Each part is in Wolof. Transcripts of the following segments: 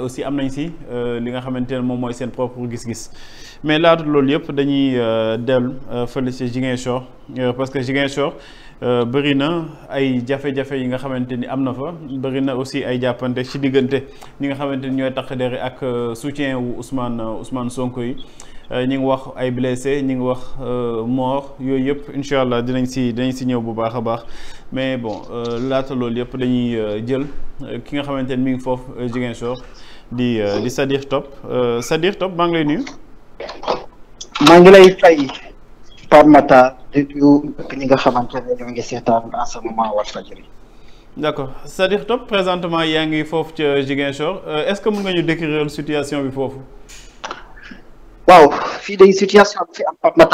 aussi am nañ si euh, li nga xamante ne moom mooy seen propre gis-gis mais laata loolu yëpp dañuy euh, dellu euh, fële si Ziguinchor parce que Ziguinchor bëri na ay jafe-jafe yi nga xamante ni am na fa bëri na aussi ay jàppante ci diggante ñi nga xamante ni ñooy takk dere ak soutien wu usmaan Ousmane Sonko yi. Euh, ñu ngi wax ay blessé ñu ngi wax euh, mort yooyu yëpp incha allah dinañ si dinañ si ñëw bu baax a baax mais bon euh, laata loolu yëpp dañuy jël ki nga xamante ni mi ngi foofu Ziguinchor di di Sadir Top Sadir Top maa ngi lay nuyu. maa ngi lay fay Pape Matar di nga xamante ne ñoo ngi seetaan en ce moment Walfadjri. d' accord Sadir Top présentement yaa ngi foofu ca Ziguinchor est ce que mun nga ñu décrire situation bi foofu. waaw fii de situation bi fi am Pape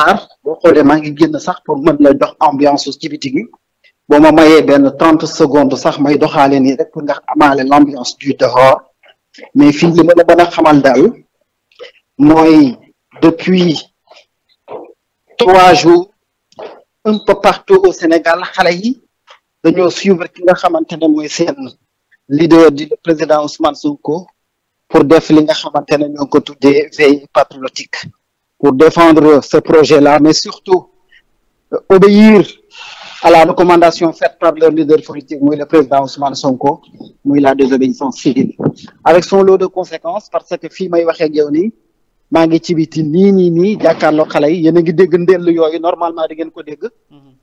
boo xoolee maa ngi génn sax pour mën la dox ambiance su ci boo ma mayee benn trente secondes sax may doxaale nii rek pour nga amaale l'ambiance du dehors mais fi li ma la mën a xamal daal mooy depuis trois jours un peu partout au Sénégal xale yi dañoo suivre ki nga xamante ne mooy seen leader di le président Ousmane Sonko pour def li nga xamante ne ñoo ngi ko tuddee veille patriotique pour défendre ce projet la mais surtout euh, obéir à la recommandation faite par leur leader politique muy le président Ousmane Sonko muy la désobéissance civile avec son lot de conséquences parce que fii may waxee ak yow nii maa ngi ci biti nii nii nii jàkkaarloo xale yi yéen a ngi dégg ndell yooyu normalement di ngeen ko dégg mm-hmm.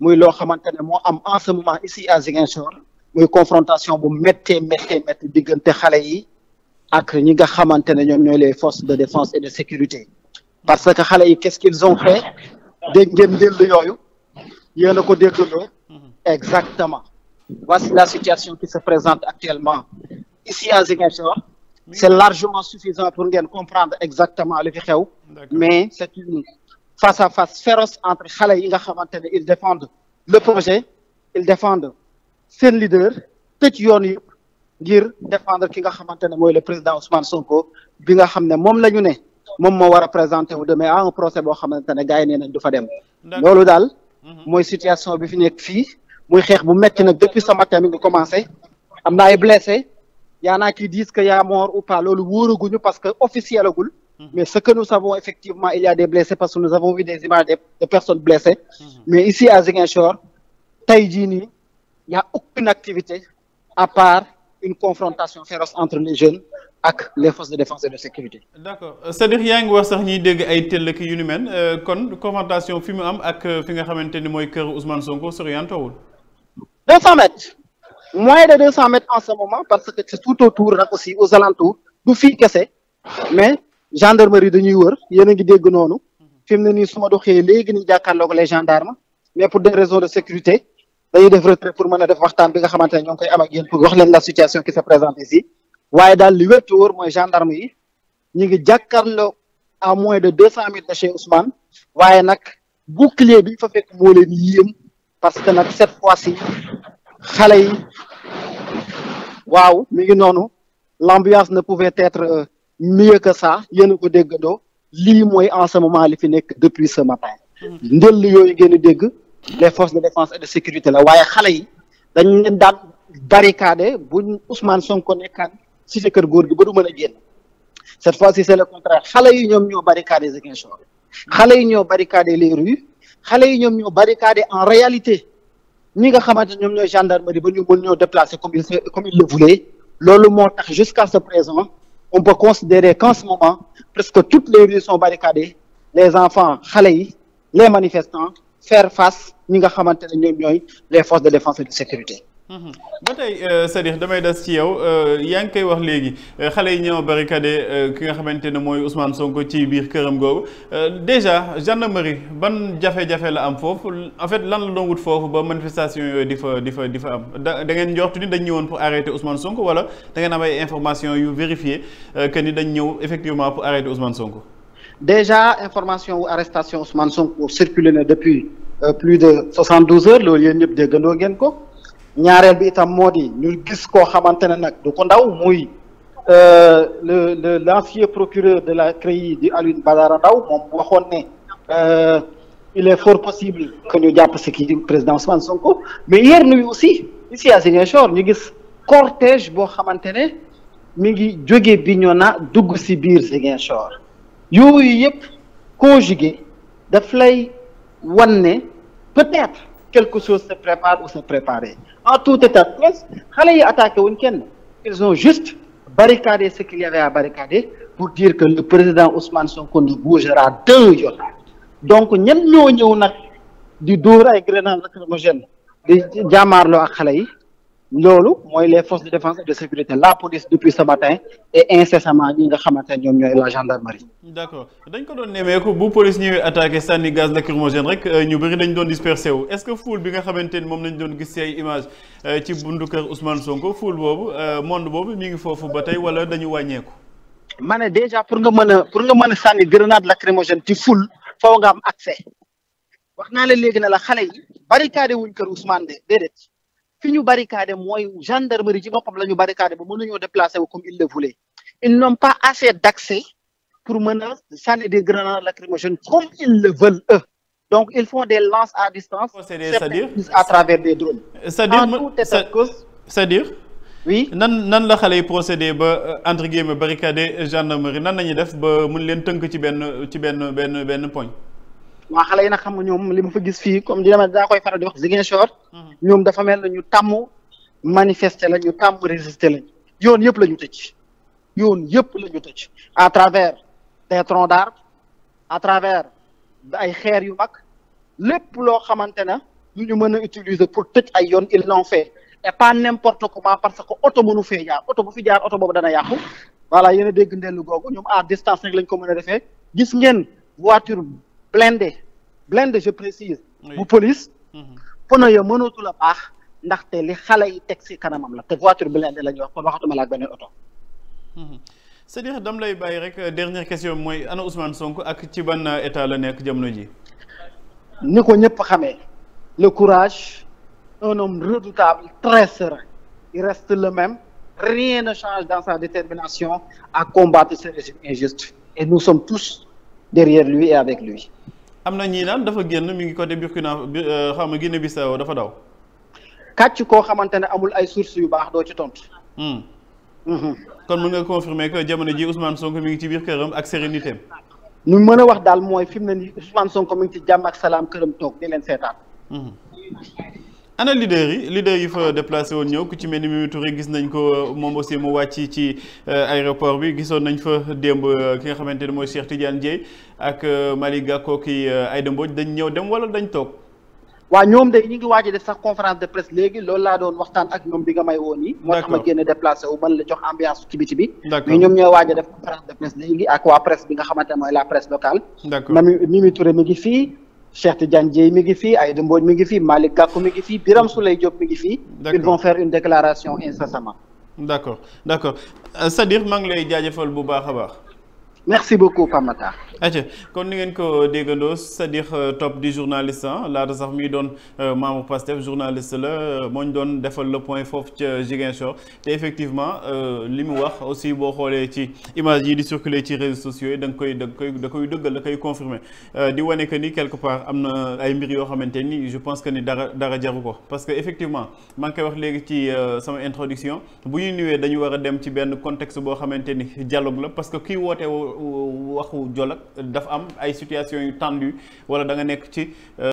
muy loo xamante ne moo am en ce moment ici à Ziguinchor muy confrontation bu méttee méttee méttee diggante xale yi ak ñi nga xamante ne ñoom ñooy les forces de défense et de sécurité parce que xale yi qu'est-ce qu'ils ont fait dégg ngeen déglu yooyu yéen a ko déggandoo mm-hmm. exactement voici la situation qui se présente actuellement ici à Ziguinchor c'est largement suffisant pour ngeen comprendre exactement li fi xew mais c'est une face à face féroce entre xale yi nga xamante ne ils défendent le projet ils défendent seen leader tëj yoon yëpp ngir défendre ki nga xamante ne mooy le président Ousmane Sonko bi nga xam ne moom la ne moom moo war a présenter wu demee à un procès boo xamante ne gars yi nee nañ du fa dem. loolu daal mhm. mooy situation bi fi nekk fii muy xeex bu metti nag depuis ce matin mi ngi commencé am na ay blessé yaa naa qui disent que y a mort ou pas loolu wóoraguñu parce que officiel agul mhm. mais ce que nous savons effectivement il y des blessés parce que nous avons vu des images de personnes blessées mhm. mais ici à Ziguinchor tey jii a une confrontation féroce entre les jeunes ak les forces de défense et de sécurité. d'accord euh, cest yaa ngi wax sax ñuy dégg ay tëll yu ni mel euh, kon confrontation fi mu am ak euh, fi nga xamante ni mooy kër Ousmane Sonko soriantowul. 200 mètres moins de mètres en ce moment parce que c'est tout autour nag aussi aux alentours du fii kese mais gendarmerie dañuy wër yéen a ngi dégg noonu fi mu ne nii su ma doxee léegi ñu jàkkaarloog les gendarmes mais pour des raisons de sécurité. dañuy def retrait pour mën a def waxtaan bi nga xamante ne ñoo koy am ak yéen pour wax leen la situation qui se présente ici waaye daal li wér te wóor mooy gendarme yi ñu ngi jàkkaarloo à moins de deux cent mille de chez Ousmane waaye nag bouclier bi fa fekk moo leen yéem parce que nag cette fois-ci xale yi waaw mu ngi noonu l'ambiance ne pouvait être euh, mieux que ça yéen a ko déggandoo lii mooy en ce moment li fi nekk depuis ce matin mm. ndëll yooyu ngeen les forces de défense et de sécurité la waaye xale yi dañ leen daan barricadé buñ Ousmane Sonko nekkaan si sa kër góor gi ba du mën a génn cette fois ci c'est le contraire xale yi ñoom ñoo barricadé Ziguinchor xale yi ñoo barricadé les rues xale yi ñoom ñoo barricadé en réalité ñi nga xamante ñoom ñooy gendarmerie ba ñu mën ñoo déplacer comme il comme il le voulait loolu moo tax jusqu'à ce présent on peut considérer qu'en ce moment presque les rues sont barricadées les enfants xale yi les faire face ñi nga xamante ne ñoom ñooy les forces de défense et de sécurité. Mhm. ba tey euh, Sadikh damay des ci yow euh, yaa ngi koy wax léegi euh, xale yi ñëw barricade ki nga xamante ne mooy Ousmane Sonko ci biir këram googu déjà gendarmerie ban jafe-jafe la am foofu en fait lan la doon wut foofu ba manifestation yooyu di fa di fa di fa am da da ngeen njortu ni dañ ñëwoon pour arrêter Ousmane Sonko wala te ngeen am information yu vérifié que ni dañ ñëw effectivement pour arrêter Ousmane Sonko. déjà information wu arrestation Ousmane Sonko na Euh, plus de soixante douze heures loolu yéen ñëpp déggandoo ngeen ko ñaareel bi itam moo di ñu gis koo xamante ne nag du ko ndaw muy euh, le le l'ancien procureur de la CREI di Alioune Badara Ndao moom waxoon ne euh, il est fort possible que ñu jàpp si kii président Ousmane Sonko mais hier nuyu aussi ici à Ziguinchor ñu gis cortège boo xamante ne mi ngi jóge Bignona dugg si biir Ziguinchor yooyu yëpp conjugué daf lay wan ne peut-être quelque chose se prépare ou se préparait en tout état de cause xale yi attaqué wuñ kenn ils ont juste barricadé ce qu'il y avait à barricader pour dire que le président Ousmane Sonko ne bougera d'un iota donc ñen ñoo ñëw nag di dóor ay grenades lacrymogènes di jàmmaarloo ak xale yi loolu mooy les forces de défense et de sécurité la police depuis ce matin et incessamment ñi nga xamante ne ñoom ñooy la gendarmerie. d' accord dañ ko doon nemmeeku bu police ñëwee attaqué sànni gaz lacrymogène rek euh, ñu bëri dañ doon dispersé wu est ce que foule bi nga xamante ni moom lañ doon gis ci ay image euh, ci bundu kër Ousmane Sonko foule boobu euh, monde boobu mi ngi foofu ba tey wala dañu wàññeeku. ma ne dèjà pour nga mën a pour nga mën a sànni grenade lacrymogène ci foule foo naa la léegi ne la xale yi barricade wuñ kër Ousmane de déedéet. fi ñu barricadé mooy gendarmerie ci boppam la ñu barricadé ba mënuñoo déplacé wu comme ils le voulaient ils n'ont pas assez d'accès pour mën a sànni des grenades lacrymogènes comme ils le veulent eux donc ils font des lances à distance c'est-à-dire à travers des drones en dire oui nan nan la xale yi procédé ba euh, entre guillemets barricadé gendarmerie nan nañu def ba mun leen tënk ci benn ci benn benn benn poñ waa xale yi na xam nga ñoom li ma fa gis fii comme di dama daa koy faral ñoom dafa mel na ñu tàmm manifester la ñu tàmm résister lañ yoon yëpp la ñu tëj yoon yëpp la ñu tëj à travers des troncs d'arbres à travers ay xeer yu mag lépp loo xamante ne lu ñu mën a utiliser pour tëj ay yoon ils l'ont fait et pas n'importe comment parce que oto mënu fee jaar oto bu fi jaar oto boobu dana yàqu voilà yéen a dégg ndellu googu ñoom à distance rek lañ ko mën a defee gis ngeen voiture blindée blindée je précise bu pono ya mënatul a baax ndaxte li xale yi teg ci kanamam la te voiture blindée la ñuy wax kon waxatuma la ak beneen oto. Mhm. c'est-à-dire dam lay bàyyi rek euh, dernière question mooy ana Ousmane sonk ak ci ban euh, état la nekk jamono ji. ni ko ñëpp xame le courage un homme redoutable très serein il reste le même rien na change dans sa détermination à combattre ce régime injuste et nous sommes tous derrière lui et avec lui. am na ñii naan dafa génn mi ngi côté Burkina euh, xaw ma génne Bissau dafa daw. kàcc koo xamante ne amul ay sources yu baax doo ci tontu. Hmm. Mhm. kon mën nga confirmer que jamono ji Ousmane Sonko mi ngi ci biir këram ak sérénité am. ñu mën a wax daal mooy fi mu ne nii Ousmane Sonko mu ngi ci jàmm ak salaam këram toog di leen seetaan. Hmm. ana leader yi leader yi fa déplacé woon ñëw ku ci mel ni Mimi Touré gis nañ ko moom aussi mu wàcc ci euh, aéroport bi gisoon nañ fa démb euh, ki nga xamante ne mooy Cheikh Tidiane Dieye ak euh, Malick Gakou ki Aïda Mbodj dañ ñëw dem wala dañ toog. waaw ñoom de ñu ngi waaj def sax conférence de presse léegi loolu laa doon waxtaan ak ñoom bi nga may woon yi moo tax ma génn déplacé wu la jox ambiance ci biti bi mais ñoom ñooy waaj de presse léegi ak la presse locale. Mimi mi ngi fii Cheikh Tidiane Dièye mi ngi fii Aïda Mbodj mi ngi fii Malick Gakou mi ngi fii Birame mm-hmm. Souleye Diop mi ngi fii ils vont faire une déclaration incessamment d' accord d' accord cest euh, à maa ngi lay jaajëfal bu baax a baax merci beaucoup Pamata. atia kon ni ngeen ko déggandoo c'est-à-dire euh, top di journaliste ah laata sax mi doon euh, membre Pastef journaliste la euh, moo ñu doon defal le point foofu ca Ziguinchor te effectivement li mu wax aussi boo xoolee ci image yi di circuler ci réseaux sociaux yi da nga koy da koy da koy dëggal da koy confirmer di wane que ni quelque part am na ay mbir yoo xamante ni je pense que ni dara dara jaru ko parce que effectivement maa ngi koy wax léegi ci sama introduction bu ñu ñëwee dañu war a dem ci benn contexte boo xamante ni dialogue waxu jolak dafa am ay situation yu tendu wala da nga nekk ci euh,